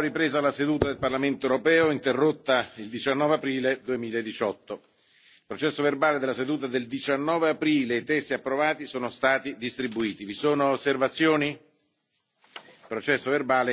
ripresa la seduta del parlamento europeo interrotta il diciannove aprile. duemiladiciotto il processo verbale della seduta del diciannove aprile e i testi approvati sono stati distribuiti. vi sono osservazioni? il processo verbale è così